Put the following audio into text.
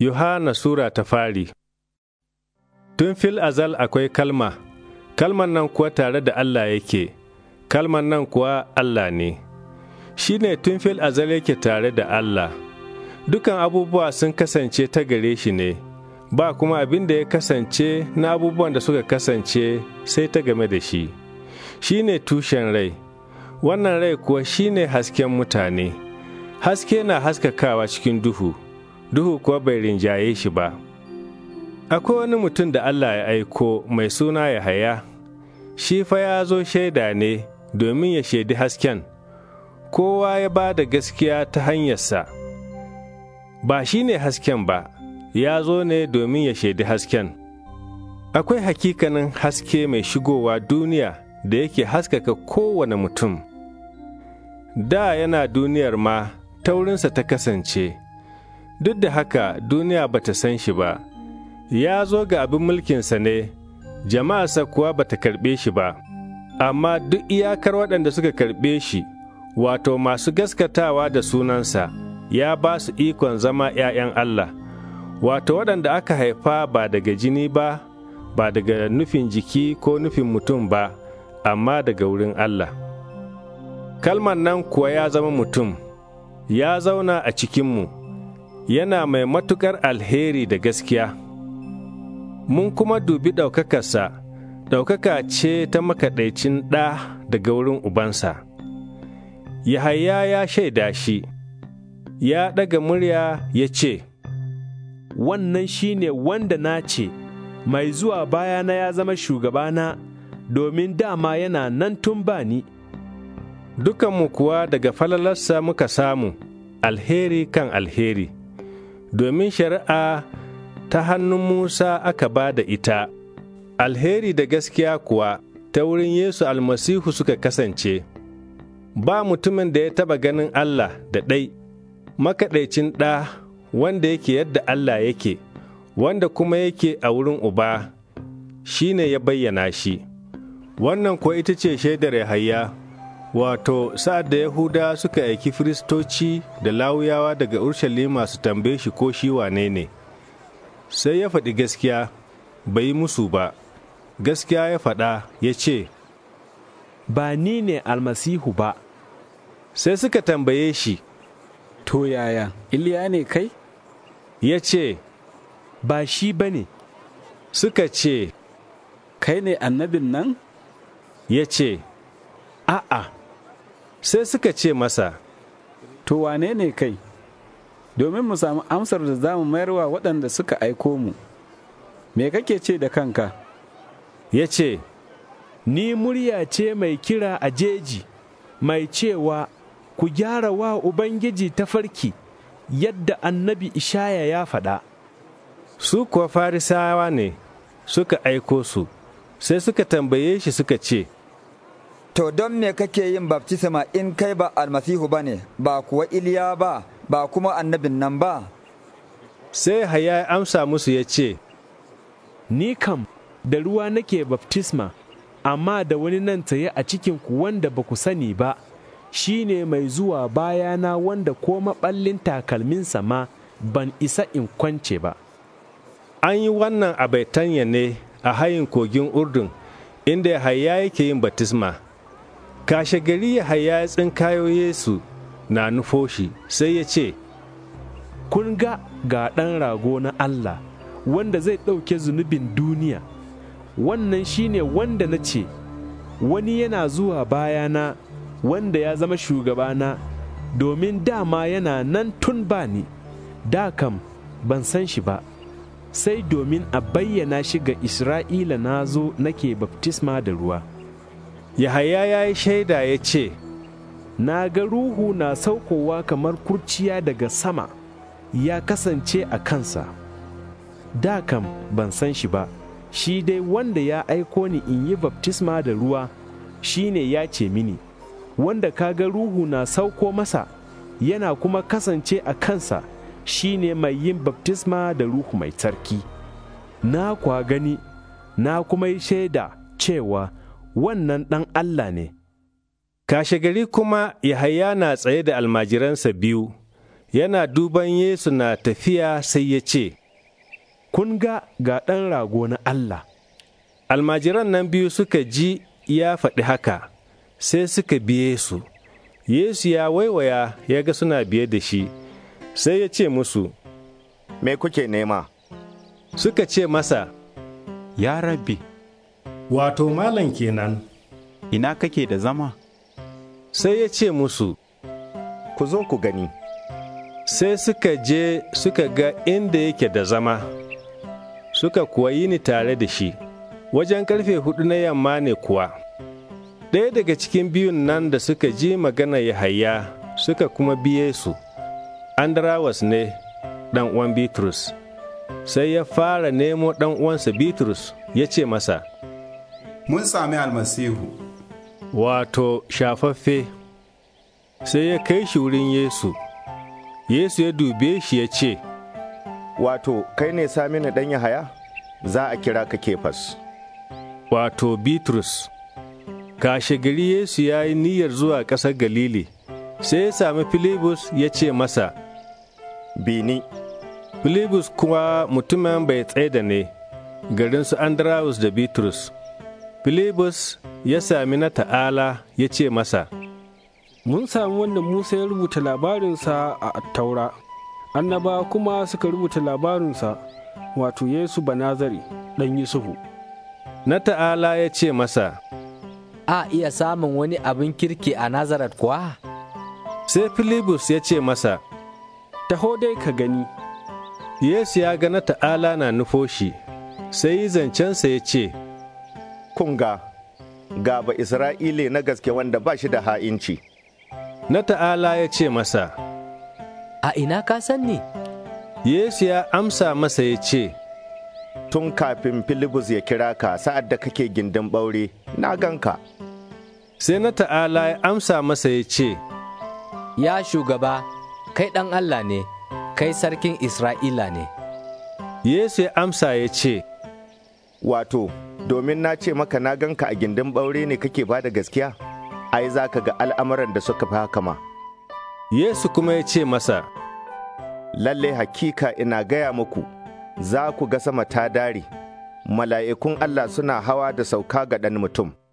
Yohana Sura ta fari Tun fil azal akwai kalma, kalman nan kuwa tare da Allah yake, kalman nan kuwa Allah ne. Shi ne tun fil azal yake tare da Allah. Dukan abubuwa sun kasance ta gare shi ne, ba kuma abin da ya kasance na abubuwan da suka kasance sai ta game da shi. Shi ne tushen rai, wannan rai kuwa shi ne hasken mutane, haske na haskakawa cikin duhu. duhu kuwa bai rinjaye shi ba. Akwai wani mutum da Allah ya aiko mai suna ya haya, shi fa ya zo shaida ne domin ya shaidi hasken, kowa ya ba da gaskiya ta hanyarsa. Ba shi ne hasken ba, ya zo ne domin ya shaidi hasken. Akwai hakikanin haske mai shigowa duniya da yake haskaka kowane mutum. Da yana duniyar ma, taurinsa ta kasance. duk da haka duniya ba ta san shi ba, ya zo ga abin mulkinsa ne, jama'arsa kuwa ba ta karɓe shi ba, amma duk iyakar waɗanda suka karɓe shi, wato masu gaskatawa da sunansa, ya ba su ikon zama ‘ya'yan Allah, wato waɗanda aka haifa ba daga jini ba, ba daga nufin jiki ko nufin mutum ba, amma daga wurin Allah. kalman nan kuwa ya zama mutum, ya zauna a cikinmu. yana mai matukar alheri da gaskiya. Mun kuma dubi ɗaukakarsa, ɗaukaka ce ta makaɗaicin ɗa daga wurin ubansa. Yahaya ya shaida shi, ya ɗaga murya ya ce, Wannan shi ne wanda na ce, mai zuwa bayana ya zama shugabana, domin dama yana nan tun ba ni. Dukanmu kuwa daga falalarsa muka samu, alheri kan alheri. domin shari'a ta hannun Musa aka ba da ita, alheri da gaskiya kuwa ta wurin Yesu almasihu suka kasance, ba mutumin da ya taba ganin Allah da ɗai, makaɗaicin ɗa wanda yake yadda Allah yake, wanda kuma yake a wurin Uba, shi ne ya bayyana shi, wannan kuwa ita ce shaidar Yahaya. wato sa'ad da yahuda suka aiki firistoci da lawuyawa daga urshalima su tambaye shi ko shi wane ne sai ya faɗi gaskiya bai yi musu ba gaskiya ya faɗa ya ce ba ni ne almasihu ba sai suka tambaye shi to yaya iliya ne kai ya ce ba shi ba ne suka ce kai ne annabin nan ya ce a'a sai suka ce masa to wane ne kai domin mu samu amsar da za mu mayar wa waɗanda suka aiko mu me kake ce da kanka ya ce ni murya ce mai kira a jeji mai cewa ku gyara wa ubangiji ta farki yadda annabi ishaya ya faɗa su kuwa farisawa ne suka aiko su sai suka tambaye shi suka ce to don me kake yin baftisma in kai ba almasihu ba ne ba kuwa iliya ba ba kuma annabin nan ba sai haya ya amsa musu ya ce ni kam da ruwa nake baftisma amma da wani nan tsaye a cikinku wanda ba ku sani ba shi ne mai zuwa bayana wanda ko maɓallin takalmin sama ban isa in kwance ba an yi wannan a ne a hayin kogin urdun inda haya yake yin batisma kashe gari ya tsinkayo yesu na nufoshi sai ya ce kun ga ga ɗan rago na allah wanda zai ɗauke zunubin duniya wannan shi ne wanda na ce wani yana zuwa bayana wanda ya zama shugabana domin dama yana nan tun ba ni da kam ban san shi ba sai domin a bayyana shi ga isra'ila na zo nake baftisma da ruwa Yahaya ya yi shaida ya ce, Na ga Ruhu na saukowa kamar kurciya daga sama, ya kasance a kansa. Da kam ban san shi ba, shi dai wanda ya aiko ni in yi baptisma da ruwa, shi ne ya ce mini, Wanda ka ga Ruhu na sauko masa, yana kuma kasance a kansa, shi ne mai yin baptisma da Ruhu mai tsarki. Na kwa gani, na kuma yi shaida cewa wannan ɗan Allah ne. Kashegari kuma Yahaya na tsaye da almajiransa biyu, yana duban Yesu na tafiya sai ya ce, Kun ga ga ɗan rago na Allah. Almajiran nan biyu suka ji ya faɗi haka, sai suka biye su. Yesu ya waiwaya ya ga suna biye da shi, sai ya ce musu, Me kuke nema? Suka ce masa, Ya rabbi, wato malam kenan. Ina kake da zama? Sai ya ce musu, Ku zo ku gani. Sai suka je suka ga inda yake da zama, suka kuwa yi ni tare da shi, wajen karfe hudu na yamma ne kuwa. Ɗaya daga cikin biyun nan da suka ji magana ya haya suka kuma biye su, andrawas ne ɗan uwan Bitrus, sai ya fara nemo ɗan uwansa Bitrus ya ce masa, mun sami almasihu wato shafaffe sai ya kai shi wurin yesu yesu ya dube shi ya ce wato kai ne saminu ɗan haya? za a kira ka kefas wato bitrus kashe gari yesu ya yi niyyar zuwa ƙasar galili sai ya sami filibus ya ce masa bini filibus kuma mutumin bai tsaye da ne su andrawus da bitrus Filibus ya sami na ta'ala ya ce masa, Mun sami wanda Musa ya rubuta labarinsa a taura, annaba kuma suka rubuta labarinsa wato Yesu Banazari ɗan Yusufu. Na ta'ala ya ce masa, A iya samun wani abin kirki a Nazaret kuwa? Sai Filibus ya ce masa, Taho dai ka gani. Yesu ya ga na ta'ala na nufoshi. Sai sai zancensa ya ce, kunga ga ba Isra'ile na gaske wanda ba shi da ha'inci. Na ta'ala ya ce masa, A ina ka san ni? Yesu ya amsa masa ya ce, Tun kafin Filibus ya kira ka sa'ad da kake gindin ɓaure, na ganka. Sai na ta'ala ya amsa masa ya ce, Ya shugaba, kai ɗan Allah ne, kai sarkin Isra'ila ne. Yesu ya amsa ya ce, Wato, domin na ce maka na ganka a gindin ɓaure ne kake ba da gaskiya, ai za ka ga al'amuran da suka fi haka ma. Yesu kuma ya ce masa, Lalle hakika ina gaya muku, za ku ga sama ta dare, mala'ikun Allah suna hawa da sauka ga ɗan mutum.